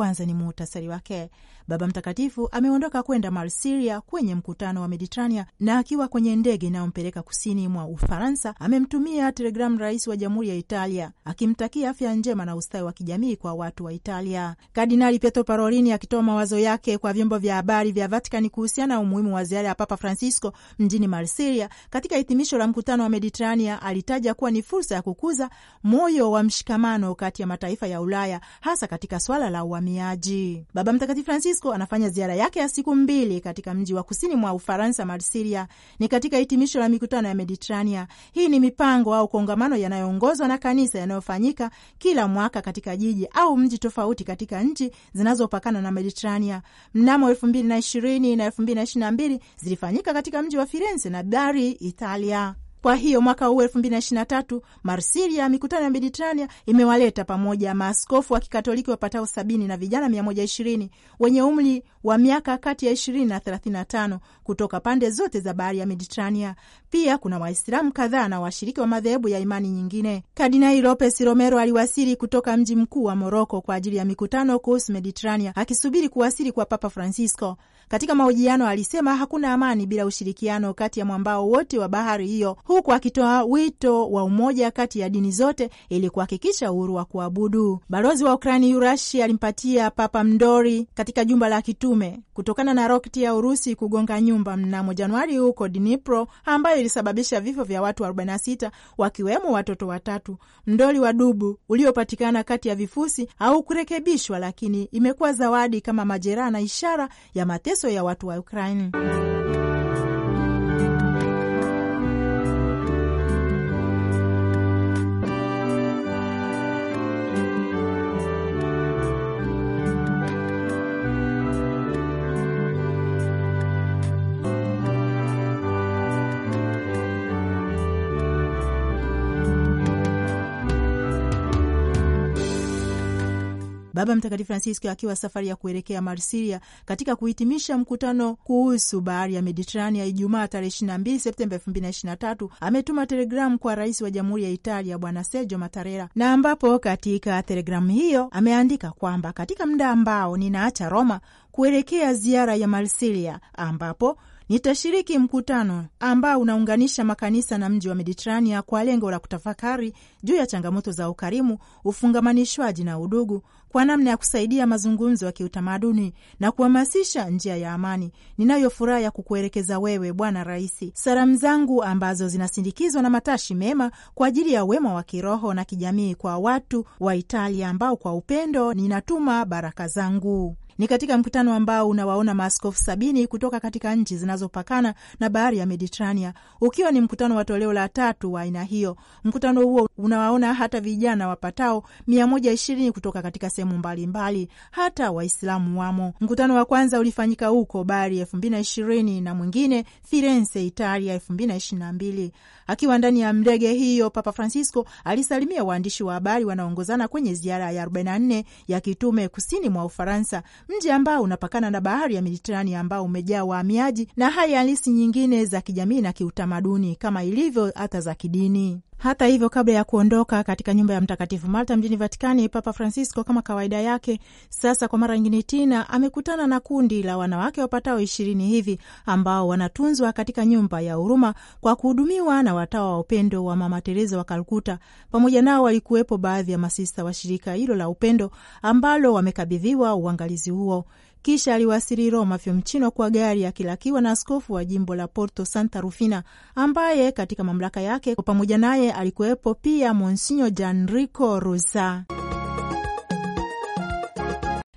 kwanza ni muhtasari wake. Baba Mtakatifu ameondoka kwenda Marsiria kwenye mkutano wa Mediterania, na akiwa kwenye ndege inayompeleka kusini mwa Ufaransa amemtumia telegramu rais wa jamhuri ya Italia akimtakia afya njema na ustawi wa kijamii kwa watu wa Italia. Kardinali Pietro Parolini akitoa mawazo yake kwa vyombo vya habari vya Vatican kuhusiana na umuhimu wa ziara ya Papa Francisco mjini Marsiria katika hitimisho la mkutano wa Mediterania alitaja kuwa ni fursa ya kukuza moyo wa mshikamano kati ya mataifa ya Ulaya hasa katika swala la uhamiaji uhamiaji. Baba Mtakatifu Francisco anafanya ziara yake ya siku mbili katika mji wa kusini mwa Ufaransa, Marsilia. Ni katika hitimisho la mikutano ya Mediterania. Hii ni mipango au kongamano yanayoongozwa na kanisa yanayofanyika kila mwaka katika jiji au mji tofauti katika nchi zinazopakana na Mediterania. Mnamo elfu mbili na ishirini na elfu mbili na ishirini na mbili zilifanyika katika mji wa Firenze na Bari, Italia. Kwa hiyo mwaka huu elfu mbili na ishirini na tatu Marsilia, mikutano ya Mediterania imewaleta pamoja maaskofu wa Kikatoliki wapatao sabini na vijana mia moja ishirini wenye umri wa miaka kati ya ishirini na thelathini na tano kutoka pande zote za bahari ya Mediterania pia kuna Waislamu kadhaa na washiriki wa madhehebu ya imani nyingine. Kardinali Lopez Romero aliwasili kutoka mji mkuu wa Moroko kwa ajili ya mikutano kuhusu Mediterania, akisubiri kuwasili kwa Papa Francisco. Katika mahojiano alisema hakuna amani bila ushirikiano kati ya mwambao wote wa bahari hiyo, huku akitoa wito wa umoja kati ya dini zote ili kuhakikisha uhuru wa kuabudu. Balozi wa Ukraini Urashi alimpatia Papa mdori katika jumba la kitume kutokana na roketi ya Urusi kugonga nyumba mnamo Januari huko Dnipro ambayo ilisababisha vifo vya watu 46 wakiwemo watoto watatu. Mdoli wa dubu uliopatikana kati ya vifusi au kurekebishwa, lakini imekuwa zawadi kama majeraha na ishara ya mateso ya watu wa Ukraini. Baba Mtakatifu Francisco akiwa safari ya kuelekea Marsilia katika kuhitimisha mkutano kuhusu bahari ya Mediterania Ijumaa tarehe 22 Septemba 2023 ametuma telegramu kwa rais wa Jamhuri ya Italia Bwana Sergio Mattarella, na ambapo katika telegramu hiyo ameandika kwamba katika muda ambao ninaacha Roma kuelekea ziara ya Marsilia ambapo Nitashiriki mkutano ambao unaunganisha makanisa na mji wa Mediterania kwa lengo la kutafakari juu ya changamoto za ukarimu, ufungamanishwaji na udugu kwa namna ya kusaidia mazungumzo ya kiutamaduni na kuhamasisha njia ya amani. Ninayo furaha ya kukuelekeza wewe, Bwana Rais, salamu zangu ambazo zinasindikizwa na matashi mema kwa ajili ya wema wa kiroho na kijamii kwa watu wa Italia ambao kwa upendo ninatuma baraka zangu. Ni katika mkutano ambao unawaona maaskofu sabini kutoka katika nchi zinazopakana na bahari ya Mediterania, ukiwa ni mkutano wa toleo la tatu wa aina hiyo. Mkutano huo unawaona hata vijana wapatao mia moja ishirini kutoka katika sehemu mbalimbali, hata Waislamu wamo. Mkutano wa kwanza ulifanyika huko Bari elfu mbili na ishirini na mwingine Firenze, Italia elfu mbili na ishirini na mbili. Akiwa ndani ya ndege hiyo, Papa Francisco alisalimia waandishi wa habari wanaongozana kwenye ziara ya 44 ya kitume kusini mwa Ufaransa mji ambao unapakana na bahari ya Mediterania ambao umejaa wahamiaji na hali halisi nyingine za kijamii na kiutamaduni kama ilivyo hata za kidini. Hata hivyo, kabla ya kuondoka katika nyumba ya Mtakatifu Marta mjini Vatikani, Papa Francisco kama kawaida yake, sasa kwa mara nyingine tena amekutana na kundi la wanawake wapatao ishirini hivi ambao wanatunzwa katika nyumba ya huruma kwa kuhudumiwa na watawa wa upendo wa Mama Tereza wa Kalkuta. Pamoja nao walikuwepo baadhi ya masista wa shirika hilo la upendo ambalo wamekabidhiwa uangalizi huo. Kisha aliwasili Roma Fiumicino kwa gari akilakiwa na askofu wa jimbo la Porto Santa Rufina, ambaye katika mamlaka yake pamoja naye alikuwepo pia Monsinyo Gianrico Rosa.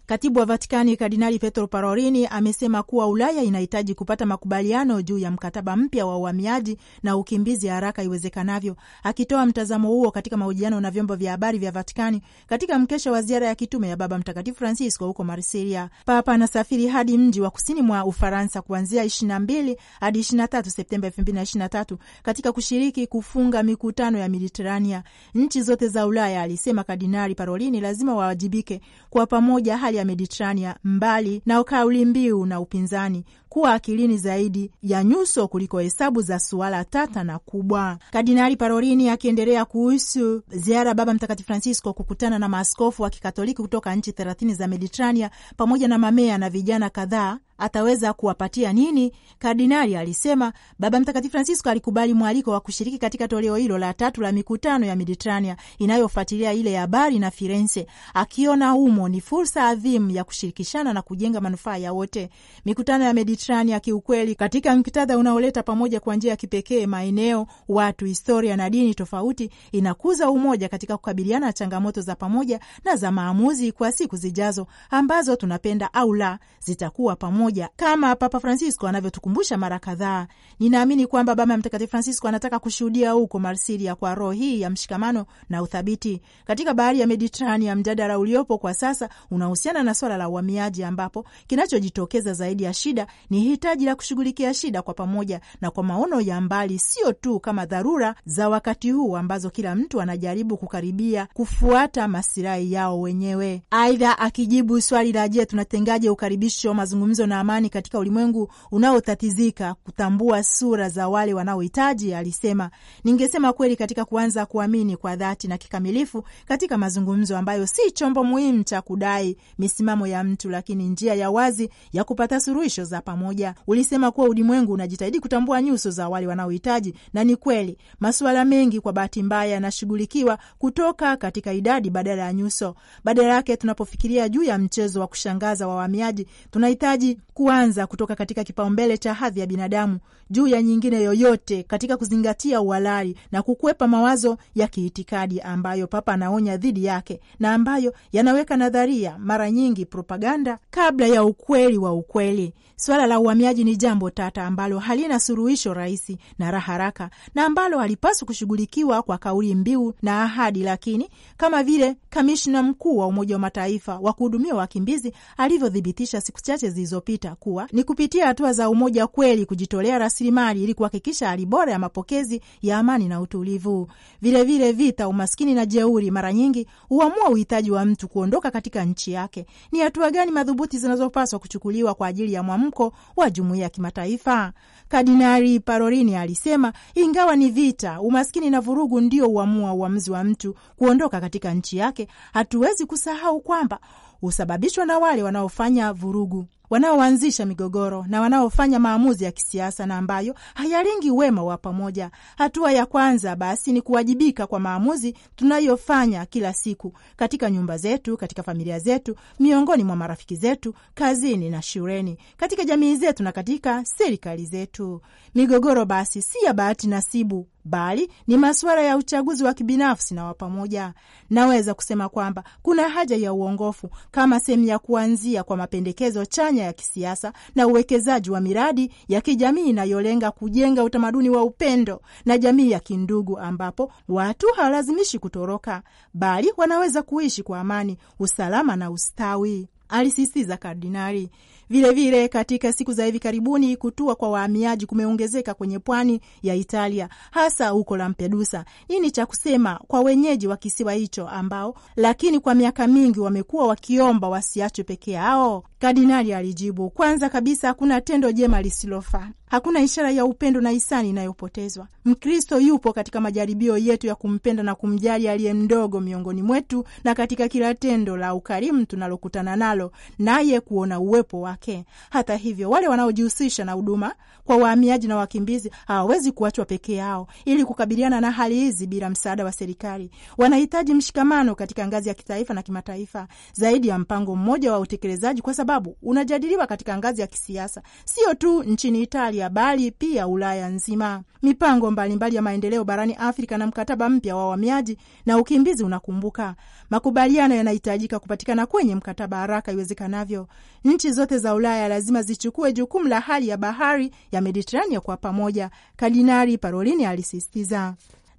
Katibu wa Vatikani Kardinali Petro Parolini amesema kuwa Ulaya inahitaji kupata makubaliano juu ya mkataba mpya wa uhamiaji na ukimbizi haraka iwezekanavyo. Akitoa mtazamo huo katika mahojiano na vyombo vya habari vya Vatikani katika mkesha wa ziara ya kitume ya Baba Mtakatifu Francisco huko Marsilia, Papa anasafiri hadi mji wa kusini mwa Ufaransa kuanzia 22 hadi 23 Septemba 2023 katika kushiriki kufunga mikutano ya Mediterania. Nchi zote za Ulaya, alisema Kardinali Parolini, lazima wawajibike kwa pamoja ya Mediterania mbali na kauli mbiu na upinzani kuwa akilini zaidi ya nyuso kuliko hesabu za suala tata na kubwa. Kardinali Parolini akiendelea kuhusu ziara Baba Mtakatifu Francisco kukutana na maaskofu wa Kikatoliki kutoka nchi thelathini za Mediterania pamoja na mamea na vijana kadhaa ataweza kuwapatia nini? Kardinali alisema Baba Mtakatifu Francisco alikubali mwaliko wa kushiriki katika toleo hilo la tatu la mikutano ya Mediterania inayofuatilia ile ya Bari na Firenze, akiona humo ni fursa adhimu ya kushirikishana na kujenga manufaa ya wote. Mikutano ya Mediterania Mediterani ya kiukweli katika mktadha unaoleta pamoja kwa njia ya kipekee maeneo, watu, historia na dini tofauti, inakuza umoja katika kukabiliana na changamoto za pamoja na za maamuzi kwa siku zijazo ambazo tunapenda au la zitakuwa pamoja, kama Papa Francisco anavyotukumbusha mara kadhaa. Ninaamini kwamba Baba Mtakatifu Francisco anataka kushuhudia huko Marsilia kwa roho hii ya mshikamano na uthabiti. Katika bahari ya Mediterani. Ya mjadala uliopo kwa sasa unahusiana na swala la uhamiaji, ambapo kinachojitokeza zaidi ya shida ni hitaji la kushughulikia shida kwa pamoja na kwa maono ya mbali, sio tu kama dharura za wakati huu ambazo kila mtu anajaribu kukaribia kufuata masilahi yao wenyewe. Aidha, akijibu swali la je, tunatengaje ukaribisho, mazungumzo na amani katika ulimwengu unaotatizika kutambua sura za wale wanaohitaji, alisema, ningesema kweli katika kuanza kuamini kwa dhati na kikamilifu katika mazungumzo ambayo si chombo muhimu cha kudai misimamo ya mtu, lakini njia ya wazi ya kupata suluhisho za pamoja pamoja. Ulisema kuwa ulimwengu unajitahidi kutambua nyuso za wale wanaohitaji, na ni kweli, masuala mengi kwa bahati mbaya yanashughulikiwa kutoka katika idadi badala ya nyuso. Badala yake, tunapofikiria juu ya mchezo wa kushangaza wa wahamiaji, tunahitaji kuanza kutoka katika kipaumbele cha hadhi ya binadamu juu ya nyingine yoyote, katika kuzingatia uhalali na kukwepa mawazo ya kiitikadi ambayo Papa anaonya dhidi yake na ambayo yanaweka nadharia, mara nyingi propaganda, kabla ya ukweli wa ukweli. Swala la uhamiaji ni jambo tata ambalo halina suluhisho rahisi na la haraka na ambalo halipaswi kushughulikiwa kwa kauli mbiu na ahadi, lakini kama vile kamishna mkuu wa Umoja wa Mataifa wa kuhudumia wakimbizi alivyothibitisha siku chache zilizopita kuwa ni kupitia hatua za umoja kweli kujitolea rasilimali ili kuhakikisha hali bora ya mapokezi ya amani na utulivu. Vilevile vile vita, umaskini na jeuri mara nyingi huamua uhitaji wa mtu kuondoka katika nchi yake. Ni hatua gani madhubuti zinazopaswa kuchukuliwa kwa ajili ya mwamu mwamko wa jumuiya ya kimataifa. Kardinari Parolini alisema ingawa ni vita, umaskini na vurugu ndio huamua uamuzi wa mtu kuondoka katika nchi yake, hatuwezi kusahau kwamba husababishwa na wale wanaofanya vurugu wanaoanzisha migogoro na wanaofanya maamuzi ya kisiasa na ambayo hayalingi wema wa pamoja. Hatua ya kwanza basi ni kuwajibika kwa maamuzi tunayofanya kila siku katika nyumba zetu, katika familia zetu, miongoni mwa marafiki zetu, kazini na shuleni, katika jamii zetu na katika serikali zetu. Migogoro basi si ya bahati nasibu bali ni masuala ya uchaguzi wa kibinafsi na wa pamoja. Naweza kusema kwamba kuna haja ya uongofu kama sehemu ya kuanzia kwa mapendekezo chanya ya kisiasa na uwekezaji wa miradi ya kijamii inayolenga kujenga utamaduni wa upendo na jamii ya kindugu, ambapo watu hawalazimishi kutoroka, bali wanaweza kuishi kwa amani, usalama na ustawi, alisisitiza kardinali. Vilevile vile, katika siku za hivi karibuni kutua kwa wahamiaji kumeongezeka kwenye pwani ya Italia, hasa huko Lampedusa. Hii ni cha kusema kwa wenyeji wa kisiwa hicho ambao lakini kwa miaka mingi wamekuwa wakiomba wasiachwe peke yao. Kardinali alijibu, kwanza kabisa kuna tendo jema lisilofaa Hakuna ishara ya upendo na hisani inayopotezwa. Mkristo yupo katika majaribio yetu ya kumpenda na kumjali aliye mdogo miongoni mwetu, na katika kila tendo la ukarimu tunalokutana nalo, naye kuona uwepo wake. Hata hivyo, wale wanaojihusisha na huduma kwa wahamiaji na wakimbizi hawawezi kuachwa peke yao ili kukabiliana na hali hizi bila msaada wa serikali. Wanahitaji mshikamano katika ngazi ya kitaifa na kimataifa, zaidi ya mpango mmoja wa utekelezaji, kwa sababu unajadiliwa katika ngazi ya kisiasa, sio tu nchini Italia Nigeria bali pia Ulaya nzima. Mipango mbalimbali mbali ya maendeleo barani Afrika na mkataba mpya wa uhamiaji na ukimbizi unakumbuka. Makubaliano yanahitajika kupatikana kwenye mkataba haraka iwezekanavyo. Nchi zote za Ulaya lazima zichukue jukumu la hali ya bahari ya Mediterania kwa pamoja, Kardinali Parolini alisisitiza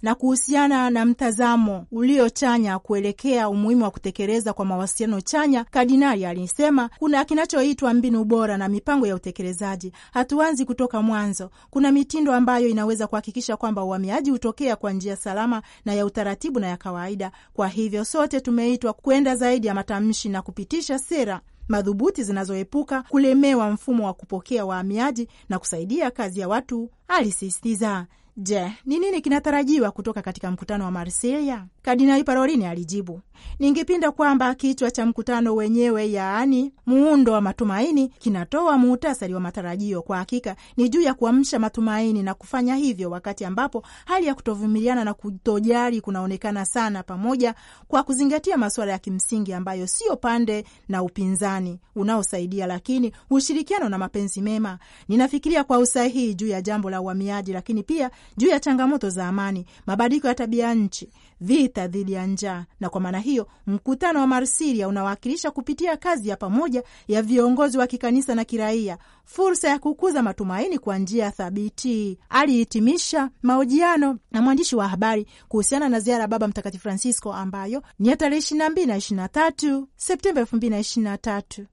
na kuhusiana na mtazamo uliochanya kuelekea umuhimu wa kutekeleza kwa mawasiliano chanya, kardinali alisema kuna kinachoitwa mbinu bora na mipango ya utekelezaji. Hatuanzi kutoka mwanzo. Kuna mitindo ambayo inaweza kuhakikisha kwamba uhamiaji hutokea kwa njia salama na ya utaratibu na ya kawaida. Kwa hivyo sote tumeitwa kwenda zaidi ya matamshi na kupitisha sera madhubuti zinazoepuka kulemewa mfumo wa kupokea wahamiaji na kusaidia kazi ya watu, alisisitiza. Je, ni nini kinatarajiwa kutoka katika mkutano wa Marsilia? Kardinali Parolini alijibu, ningependa kwamba kichwa cha mkutano wenyewe, yaani muundo wa matumaini, kinatoa muhtasari wa matarajio. Kwa hakika ni juu ya kuamsha matumaini na kufanya hivyo wakati ambapo hali ya kutovumiliana na kutojali kunaonekana sana, pamoja kwa kuzingatia masuala ya kimsingi ambayo sio pande na upinzani unaosaidia, lakini ushirikiano na mapenzi mema. Ninafikiria kwa usahihi juu ya jambo la uhamiaji, lakini pia juu ya changamoto za amani, mabadiliko ya tabia nchi, vita dhidi ya njaa. Na kwa maana hiyo mkutano wa Marsilia unawakilisha kupitia kazi ya pamoja ya viongozi wa kikanisa na kiraia fursa ya kukuza matumaini kwa njia thabiti. Alihitimisha mahojiano na mwandishi wa habari kuhusiana na ziara ya Baba Mtakatifu Francisco ambayo ni ya tarehe 22 na 23 Septemba 2023.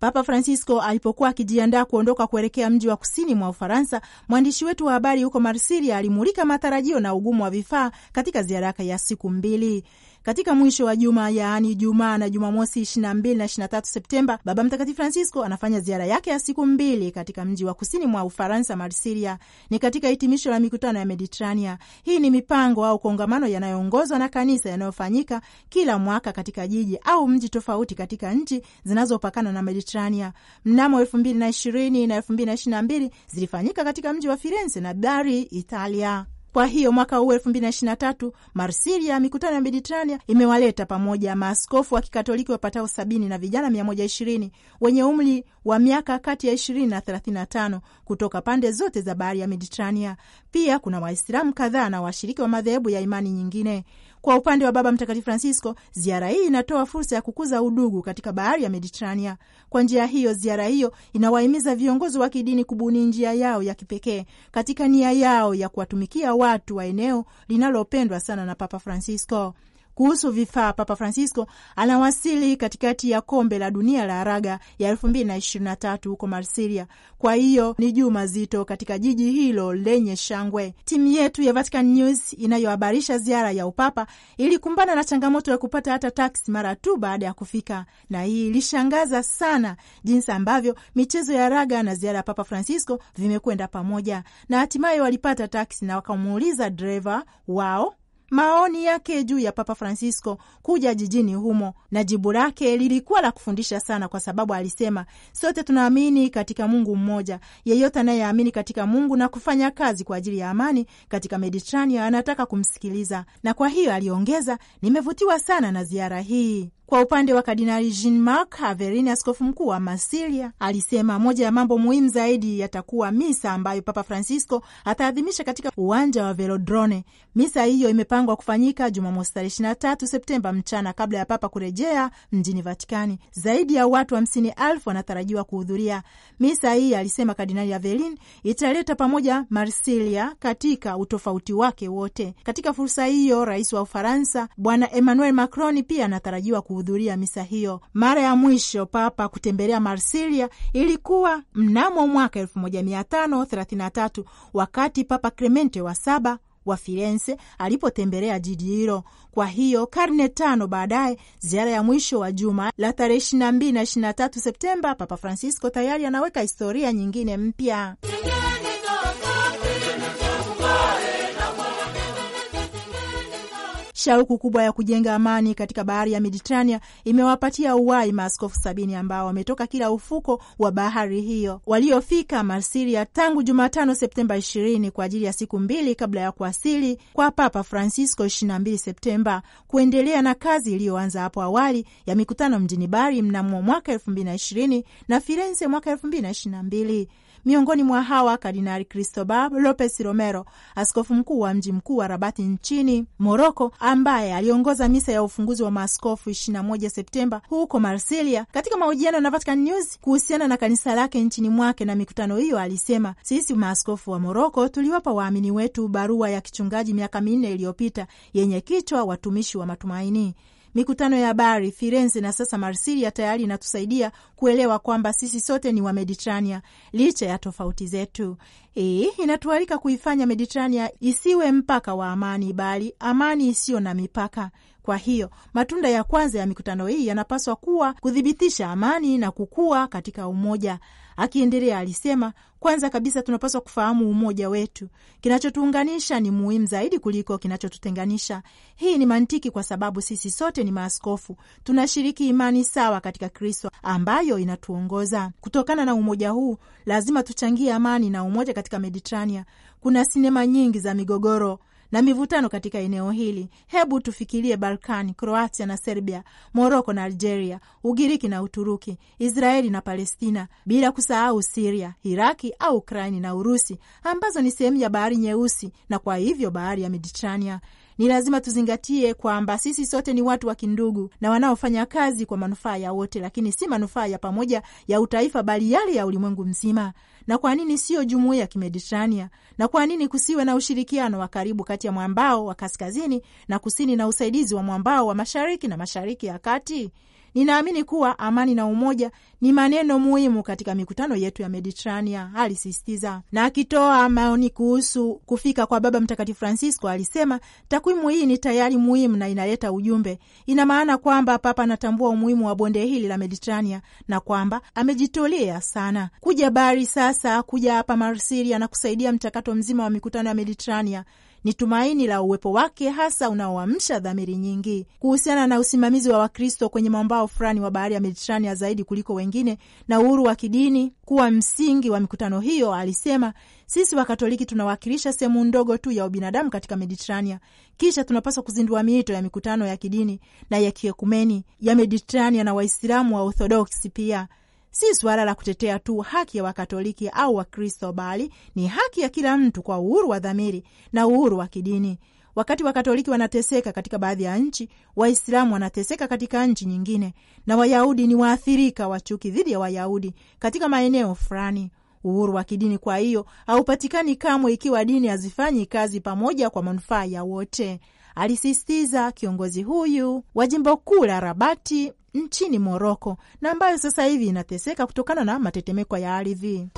Papa Francisco alipokuwa akijiandaa kuondoka kuelekea mji wa kusini mwa Ufaransa, mwandishi wetu wa habari huko Marsiria alimulika matarajio na ugumu wa vifaa katika ziara yake ya siku mbili. Katika mwisho wa juma, yaani Jumaa na Jumamosi 22 na 23 Septemba, Baba Mtakatifu Francisco anafanya ziara yake ya siku mbili katika mji wa kusini mwa Ufaransa, Marsilia. Ni katika hitimisho la mikutano ya Mediterania. Hii ni mipango au kongamano yanayoongozwa na kanisa yanayofanyika kila mwaka katika jiji au mji tofauti katika nchi zinazopakana na Mediterania. Mnamo 2020 na 2022 zilifanyika katika mji wa Firenze na Bari, Italia. Kwa hiyo mwaka huu elfu mbili na ishirini na tatu Marsilia, mikutano ya Mediterania imewaleta pamoja maaskofu wa Kikatoliki wapatao sabini na vijana mia moja ishirini wenye umri wa miaka kati ya ishirini na thelathini na tano kutoka pande zote za bahari ya Mediterania pia kuna Waislamu kadhaa na washiriki wa madhehebu ya imani nyingine. Kwa upande wa Baba Mtakatifu Francisco, ziara hii inatoa fursa ya kukuza udugu katika bahari ya Mediterania. Kwa njia hiyo, ziara hiyo inawahimiza viongozi wa kidini kubuni njia yao ya kipekee katika nia yao ya kuwatumikia watu wa eneo linalopendwa sana na Papa Francisco kuhusu vifaa, Papa Francisco anawasili katikati ya kombe la dunia la raga ya 2023 huko Marsilia. Kwa hiyo ni juma zito katika jiji hilo lenye shangwe. Timu yetu ya Vatican News inayohabarisha ziara ya upapa ilikumbana na changamoto ya kupata hata taksi mara tu baada ya kufika, na hii ilishangaza sana jinsi ambavyo michezo ya raga na ziara ya Papa Francisco vimekwenda pamoja, na hatimaye walipata taksi na wakamuuliza dreva wao maoni yake juu ya Papa Francisco kuja jijini humo, na jibu lake lilikuwa la kufundisha sana, kwa sababu alisema, sote tunaamini katika Mungu mmoja. Yeyote anayeamini katika Mungu na kufanya kazi kwa ajili ya amani katika Mediterania anataka kumsikiliza. Na kwa hiyo, aliongeza, nimevutiwa sana na ziara hii. Kwa upande wa Kardinali Jean Marc Averin, askofu mkuu wa Masilia, alisema moja ya mambo muhimu zaidi yatakuwa misa ambayo Papa Francisco ataadhimisha katika uwanja wa Velodrome. Misa hiyo imepangwa kufanyika Jumamosi tarehe 23 Septemba mchana, kabla ya Papa kurejea mjini Vatikani. Zaidi ya watu hamsini elfu wanatarajiwa kuhudhuria misa hii, alisema Kardinali Averin, Italeta pamoja Marsilia katika utofauti wake wote. Katika fursa hiyo, rais wa Ufaransa Bwana Emmanuel Macron pia anatarajiwa kuhudhuria misa hiyo. Mara ya mwisho Papa kutembelea Marsilia ilikuwa mnamo mwaka 1533 wakati Papa Clemente wa saba wa Firenze alipotembelea jiji hilo. Kwa hiyo karne tano baadaye, ziara ya mwisho wa juma la tarehe 22 na 23 Septemba, Papa Francisco tayari anaweka historia nyingine mpya. Shauku kubwa ya kujenga amani katika bahari ya Mediterania imewapatia uwai maaskofu sabini ambao wametoka kila ufuko wa bahari hiyo waliofika Marsiria tangu Jumatano Septemba ishirini kwa ajili ya siku mbili kabla ya kuwasili kwa Papa Francisco ishirini mbili Septemba kuendelea na kazi iliyoanza hapo awali ya mikutano mjini Bari mnamo mwaka elfu mbili na ishirini na Firenze mwaka elfu mbili na mbili. Miongoni mwa hawa Kardinali Cristobal Lopez Romero, askofu mkuu wa mji mkuu wa Rabati nchini Moroko, ambaye aliongoza misa ya ufunguzi wa maaskofu 21 Septemba huko Marsilia. Katika mahojiano na Vatican News kuhusiana na kanisa lake nchini mwake na mikutano hiyo, alisema sisi maaskofu wa Moroko tuliwapa waamini wetu barua ya kichungaji miaka minne iliyopita yenye kichwa watumishi wa matumaini. Mikutano ya habari Firenze na sasa Marsilia tayari inatusaidia kuelewa kwamba sisi sote ni wa Mediterania licha ya tofauti zetu. E, inatualika kuifanya Mediterania isiwe mpaka wa amani, bali amani isiyo na mipaka. Kwa hiyo matunda ya kwanza ya mikutano hii yanapaswa kuwa kuthibitisha amani na kukua katika umoja. Akiendelea alisema, kwanza kabisa tunapaswa kufahamu umoja wetu. Kinachotuunganisha ni muhimu zaidi kuliko kinachotutenganisha. Hii ni mantiki kwa sababu sisi sote ni maaskofu, tunashiriki imani sawa katika Kristo ambayo inatuongoza. Kutokana na umoja huu, lazima tuchangie amani na umoja katika Mediterania. Kuna sinema nyingi za migogoro na mivutano katika eneo hili. Hebu tufikirie Balkani, Kroatia na Serbia, Moroko na Algeria, Ugiriki na Uturuki, Israeli na Palestina, bila kusahau Siria, Iraki au Ukraini na Urusi, ambazo ni sehemu ya Bahari Nyeusi na kwa hivyo bahari ya Mediterania. Ni lazima tuzingatie kwamba sisi sote ni watu wa kindugu na wanaofanya kazi kwa manufaa ya wote, lakini si manufaa ya pamoja ya utaifa, bali yale ya ulimwengu mzima. Na kwa nini siyo jumuiya ya Kimediterania? Na kwa nini kusiwe na ushirikiano wa karibu kati ya mwambao wa kaskazini na kusini na usaidizi wa mwambao wa mashariki na mashariki ya kati? Ninaamini kuwa amani na umoja ni maneno muhimu katika mikutano yetu ya Mediterania, alisisitiza. Na akitoa maoni kuhusu kufika kwa Baba Mtakatifu Francisco alisema, takwimu hii ni tayari muhimu na inaleta ujumbe. Ina maana kwamba Papa anatambua umuhimu wa bonde hili la Mediterania na kwamba amejitolea sana kuja bari sasa, kuja hapa Marsiria na kusaidia mchakato mzima wa mikutano ya Mediterania ni tumaini la uwepo wake hasa unaoamsha dhamiri nyingi kuhusiana na usimamizi wa Wakristo kwenye mwambao fulani wa bahari ya Mediterania zaidi kuliko wengine wengine na uhuru wa kidini kuwa msingi wa mikutano hiyo, alisema sisi Wakatoliki tunawakilisha sehemu ndogo tu ya ubinadamu katika Mediterania. Kisha tunapaswa kuzindua miito ya mikutano ya kidini na ya kiekumeni ya Mediterania na Waislamu wa Orthodoksi pia si suala la kutetea tu haki ya Wakatoliki au Wakristo, bali ni haki ya kila mtu kwa uhuru wa dhamiri na uhuru wa kidini. Wakati Wakatoliki wanateseka katika baadhi ya nchi, Waislamu wanateseka katika nchi nyingine, na Wayahudi ni waathirika wa chuki dhidi ya Wayahudi katika maeneo fulani. Uhuru wa kidini kwa hiyo haupatikani kamwe ikiwa dini hazifanyi kazi pamoja kwa manufaa ya wote, alisisitiza kiongozi huyu wa jimbo kuu la Rabati nchini Moroko, na ambayo sasa hivi inateseka kutokana na matetemeko ya ardhi.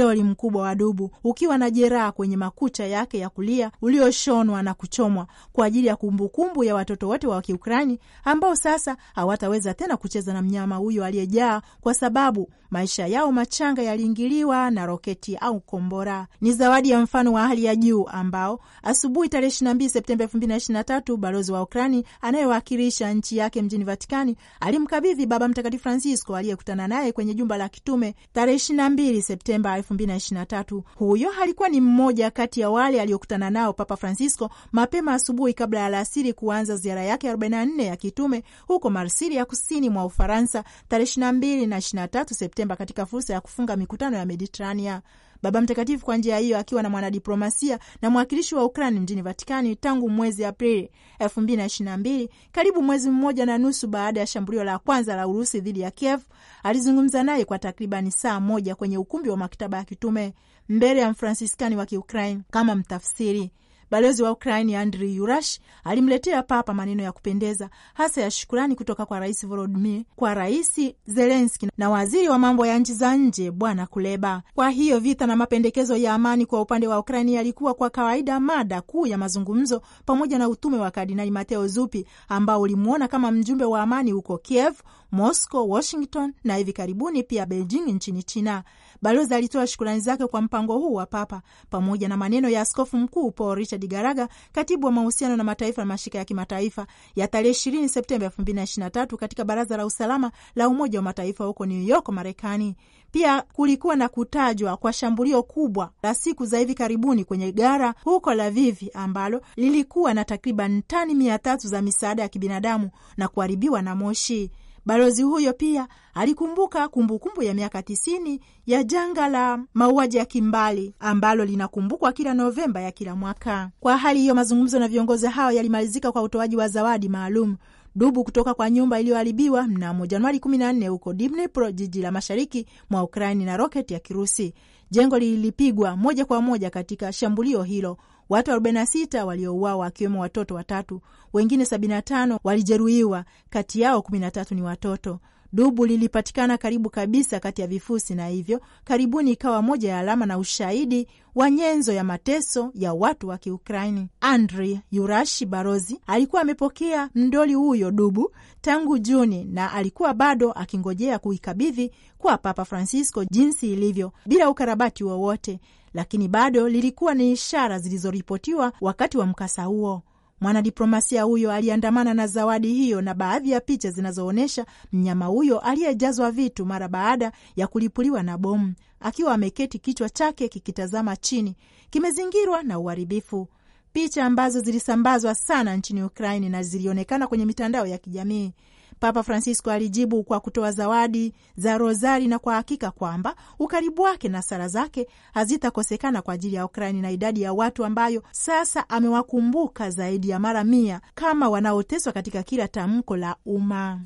mdoli mkubwa wa dubu ukiwa na jeraha kwenye makucha yake ya kulia ulioshonwa na kuchomwa kwa ajili ya kumbukumbu ya watoto wote wa Kiukrani ambao sasa hawataweza tena kucheza na mnyama huyo aliyejaa, kwa sababu maisha yao machanga yaliingiliwa na roketi au kombora. Ni zawadi ya mfano wa hali ya juu ambao asubuhi tarehe mbili Septemba elfu mbili na na tatu balozi wa Ukraini anayewakilisha nchi yake mjini Vatikani alimkabidhi Baba Mtakatifu Francisco aliyekutana naye kwenye jumba la kitume tarehe na mbili Septemba elfu mbili na ishirini na tatu. Huyo alikuwa ni mmoja kati ya wale aliokutana nao Papa Francisco mapema asubuhi kabla ya alasiri kuanza ziara yake 44 ya kitume huko Marsilia, kusini mwa Ufaransa, tarehe 22 na 23 Septemba, katika fursa ya kufunga mikutano ya Mediterania. Baba Mtakatifu kwa njia hiyo, akiwa na mwanadiplomasia na mwakilishi wa Ukraini mjini Vatikani tangu mwezi Aprili 2022, karibu mwezi mmoja na nusu baada ya shambulio la kwanza la Urusi dhidi ya Kiev, alizungumza naye kwa takribani saa moja kwenye ukumbi wa maktaba ya kitume mbele ya Mfransiskani wa Kiukraini kama mtafsiri. Balozi wa Ukraini Andrii Yurash alimletea Papa maneno ya kupendeza hasa ya shukurani kutoka kwa Rais Volodimir kwa Rais Zelenski na waziri wa mambo ya nchi za nje Bwana Kuleba. Kwa hiyo vita na mapendekezo ya amani kwa upande wa Ukraini yalikuwa kwa kawaida mada kuu ya mazungumzo, pamoja na utume wa Kardinali Mateo zupi ambao ulimwona kama mjumbe wa amani huko Kiev Moscow, Washington na hivi karibuni pia Beijing nchini China. Balozi alitoa shukurani zake kwa mpango huu wa Papa pamoja na maneno ya askofu mkuu Paul Richard Garaga, katibu wa mahusiano na mataifa na mashirika ya kimataifa ya tarehe ishirini Septemba elfu mbili na ishirini na tatu katika Baraza la Usalama la Umoja wa Mataifa huko New York, Marekani. Pia kulikuwa na kutajwa kwa shambulio kubwa la siku za hivi karibuni kwenye gara huko Lavivi ambalo lilikuwa na takriban tani mia tatu za misaada ya kibinadamu na kuharibiwa na moshi. Balozi huyo pia alikumbuka kumbukumbu kumbu ya miaka tisini ya janga la mauaji ya kimbali ambalo linakumbukwa kila Novemba ya kila mwaka. Kwa hali hiyo, mazungumzo na viongozi hao yalimalizika kwa utoaji wa zawadi maalum dubu kutoka kwa nyumba iliyoharibiwa mnamo Januari 14 huko Dnipro, jiji la mashariki mwa Ukraini, na roketi ya Kirusi. Jengo lilipigwa moja kwa moja katika shambulio hilo, Watu 46 waliouawa wakiwemo watoto watatu, wengine 75 walijeruhiwa, kati yao 13 ni watoto. Dubu lilipatikana karibu kabisa kati ya vifusi, na hivyo karibuni ikawa moja ya alama na ushahidi wa nyenzo ya mateso ya watu wa Kiukraini. Andri Yurashi Barozi alikuwa amepokea mdoli huyo dubu tangu Juni na alikuwa bado akingojea kuikabidhi kwa Papa Francisco jinsi ilivyo bila ukarabati wowote, lakini bado lilikuwa ni ishara zilizoripotiwa wakati wa mkasa huo. Mwanadiplomasia huyo aliandamana na zawadi hiyo na baadhi ya picha zinazoonyesha mnyama huyo aliyejazwa vitu mara baada ya kulipuliwa na bomu, akiwa ameketi, kichwa chake kikitazama chini, kimezingirwa na uharibifu. Picha ambazo zilisambazwa sana nchini Ukraini na zilionekana kwenye mitandao ya kijamii Papa Francisco alijibu kwa kutoa zawadi za rozari na kwa hakika kwamba ukaribu wake na sala zake hazitakosekana kwa ajili ya Ukraini na idadi ya watu ambayo sasa amewakumbuka zaidi ya mara mia kama wanaoteswa katika kila tamko la umma.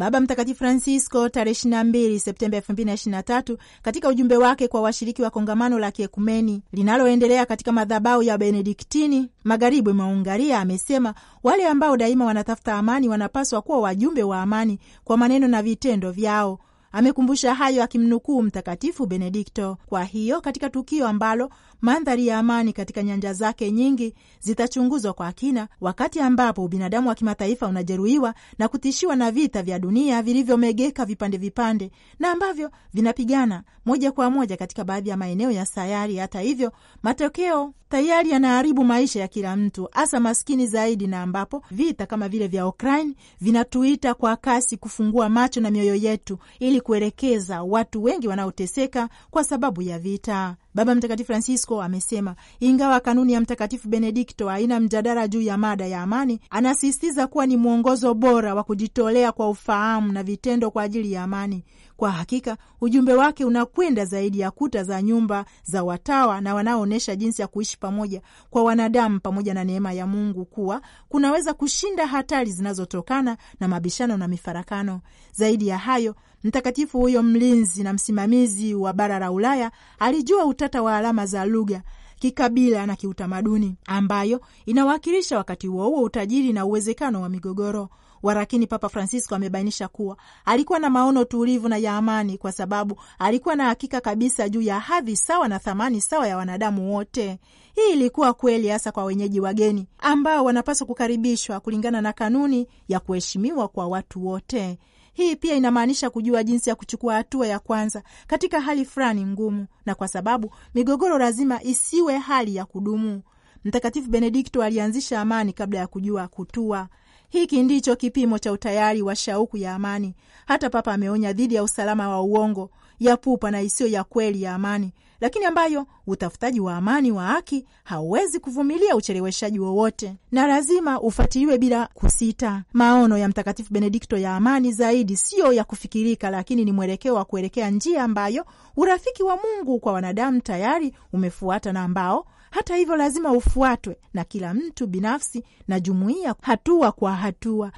Baba Mtakatifu Francisco tarehe 22 Septemba 2023 katika ujumbe wake kwa washiriki wa kongamano la kiekumeni linaloendelea katika madhabahu ya Benediktini magharibi mwa Ungaria amesema wale ambao daima wanatafuta amani wanapaswa kuwa wajumbe wa amani kwa maneno na vitendo vyao. Amekumbusha hayo akimnukuu Mtakatifu Benedikto. Kwa hiyo katika tukio ambalo mandhari ya amani katika nyanja zake nyingi zitachunguzwa kwa kina, wakati ambapo ubinadamu wa kimataifa unajeruhiwa na kutishiwa na vita vya dunia vilivyomegeka vipande vipande na ambavyo vinapigana moja kwa moja katika baadhi ya maeneo ya sayari. Hata hivyo, matokeo tayari yanaharibu maisha ya kila mtu, hasa maskini zaidi, na ambapo vita kama vile vya Ukraine vinatuita kwa kasi kufungua macho na mioyo yetu ili ili kuelekeza watu wengi wanaoteseka kwa sababu ya vita. Baba Mtakatifu Francisco amesema ingawa kanuni ya Mtakatifu Benedikto haina mjadala juu ya mada ya amani, anasisitiza kuwa ni mwongozo bora wa kujitolea kwa ufahamu na vitendo kwa ajili ya amani, kwa hakika ujumbe wake unakwenda zaidi ya kuta za nyumba za watawa na wanaoonyesha jinsi ya kuishi pamoja kwa wanadamu pamoja na neema ya Mungu kuwa kunaweza kushinda hatari zinazotokana na mabishano na mifarakano. Zaidi ya hayo, mtakatifu huyo mlinzi na msimamizi wa bara la Ulaya alijua utata wa alama za lugha kikabila na kiutamaduni ambayo inawakilisha wakati huo huo utajiri na uwezekano wa migogoro. Warakini Papa Francisco amebainisha kuwa alikuwa na maono tulivu na ya amani, kwa sababu alikuwa na hakika kabisa juu ya hadhi sawa na thamani sawa ya wanadamu wote. Hii ilikuwa kweli hasa kwa wenyeji wageni ambao wanapaswa kukaribishwa kulingana na kanuni ya kuheshimiwa kwa watu wote. Hii pia inamaanisha kujua jinsi ya kuchukua hatua ya kwanza katika hali fulani ngumu, na kwa sababu migogoro lazima isiwe hali ya kudumu. Mtakatifu Benedikto alianzisha amani kabla ya kujua kutua. Hiki ndicho kipimo cha utayari wa shauku ya amani. Hata Papa ameonya dhidi ya usalama wa uongo, ya pupa na isiyo ya kweli ya amani, lakini ambayo utafutaji wa amani wa haki hauwezi kuvumilia ucheleweshaji wowote na lazima ufuatiliwe bila kusita. Maono ya Mtakatifu Benedikto ya amani zaidi siyo ya kufikirika, lakini ni mwelekeo wa kuelekea njia ambayo urafiki wa Mungu kwa wanadamu tayari umefuata na ambao hata hivyo, lazima ufuatwe na kila mtu binafsi na jumuiya, hatua kwa hatua.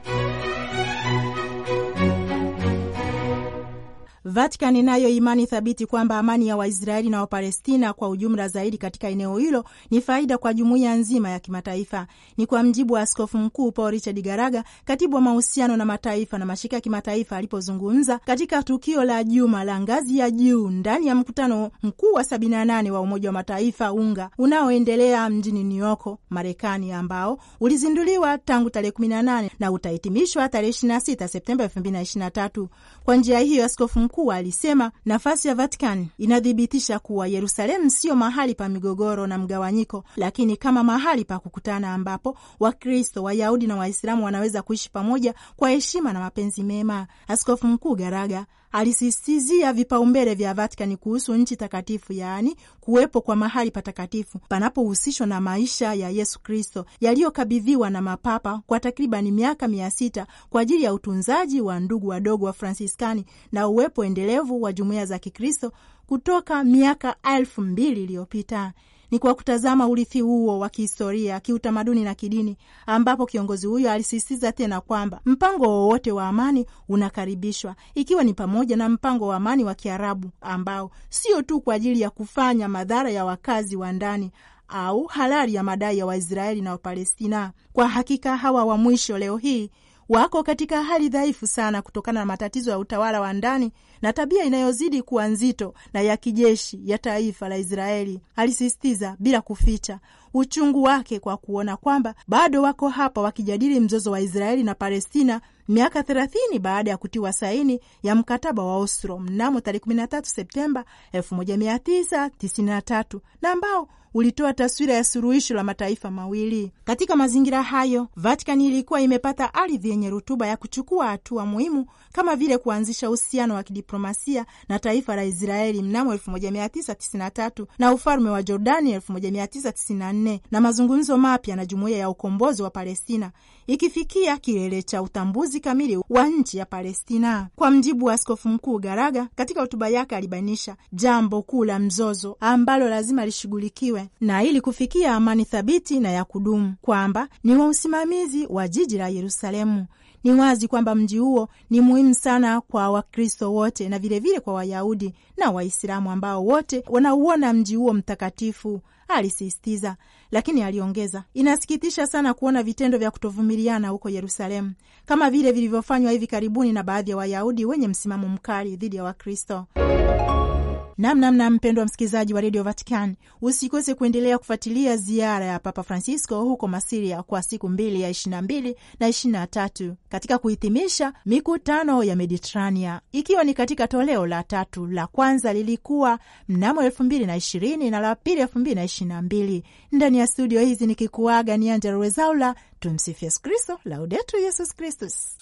Vatican inayo imani thabiti kwamba amani ya Waisraeli na Wapalestina kwa ujumla zaidi katika eneo hilo ni faida kwa jumuiya nzima ya kimataifa. Ni kwa mjibu wa Askofu Mkuu Paul Richard Garaga, katibu wa mahusiano na mataifa na mashirika ya kimataifa, alipozungumza katika tukio la juma la ngazi ya juu ndani ya mkutano mkuu wa 78 wa Umoja wa Mataifa unga unaoendelea mjini New York, Marekani, ambao ulizinduliwa tangu tarehe 18 na utahitimishwa tarehe 26 Septemba 2023. Kwa njia hiyo askofu mkuu alisema nafasi ya Vatican inathibitisha kuwa Yerusalemu siyo mahali pa migogoro na mgawanyiko, lakini kama mahali pa kukutana ambapo Wakristo, Wayahudi na Waislamu wanaweza kuishi pamoja kwa heshima na mapenzi mema. Askofu Mkuu Garaga alisistizia vipaumbele vya Vatikani kuhusu nchi takatifu, yaani kuwepo kwa mahali patakatifu panapohusishwa na maisha ya Yesu Kristo yaliyokabidhiwa na mapapa kwa takribani miaka mia sita kwa ajili ya utunzaji wa ndugu wadogo wa Fransiskani na uwepo endelevu wa jumuiya za Kikristo kutoka miaka elfu mbili iliyopita ni kwa kutazama urithi huo wa kihistoria, kiutamaduni na kidini, ambapo kiongozi huyo alisisitiza tena kwamba mpango wowote wa amani unakaribishwa, ikiwa ni pamoja na mpango wa amani wa Kiarabu ambao sio tu kwa ajili ya kufanya madhara ya wakazi wa ndani au halali ya madai ya Waisraeli na Wapalestina. Kwa hakika hawa wa mwisho leo hii wako katika hali dhaifu sana kutokana na matatizo ya utawala wa ndani na tabia inayozidi kuwa nzito na ya kijeshi ya taifa la Israeli. Alisisitiza bila kuficha uchungu wake kwa kuona kwamba bado wako hapa wakijadili mzozo wa Israeli na Palestina miaka thelathini baada ya kutiwa saini ya mkataba wa Oslo mnamo tarehe 13 Septemba 1993 na ambao ulitoa taswira ya suluhisho la mataifa mawili. Katika mazingira hayo, Vatican ilikuwa imepata ardhi yenye rutuba ya kuchukua hatua muhimu kama vile kuanzisha uhusiano wa kidiplomasia na taifa la Israeli mnamo 1993 na ufalme wa Jordani 1994 na mazungumzo mapya na jumuiya ya ukombozi wa Palestina, ikifikia kilele cha utambuzi kamili wa nchi ya Palestina. Kwa mjibu wa askofu mkuu Garaga, katika hotuba yake alibainisha jambo kuu la mzozo ambalo lazima lishughulikiwe wenyewe na ili kufikia amani thabiti na ya kudumu, kwamba ni wa usimamizi wa jiji la Yerusalemu. Ni wazi kwamba mji huo ni muhimu sana kwa Wakristo wote na vilevile vile kwa Wayahudi na Waislamu ambao wote wanauona mji huo mtakatifu, alisisitiza. Lakini aliongeza, inasikitisha sana kuona vitendo vya kutovumiliana huko Yerusalemu kama vile vilivyofanywa hivi karibuni na baadhi ya Wayahudi wenye msimamo mkali dhidi ya Wakristo namnamna. Mpendwa msikilizaji wa redio vatican usikose kuendelea kufuatilia ziara ya Papa Francisco huko Masiria kwa siku mbili ya 22 na 23 katika kuhitimisha mikutano ya Mediterania, ikiwa ni katika toleo la tatu. La kwanza lilikuwa mnamo 2020 na la pili 2022. Ndani ya studio hizi nikikuaga ni Angela Rezaula. Tumsifu Yesu Kristo, laudetu Yesus Kristus.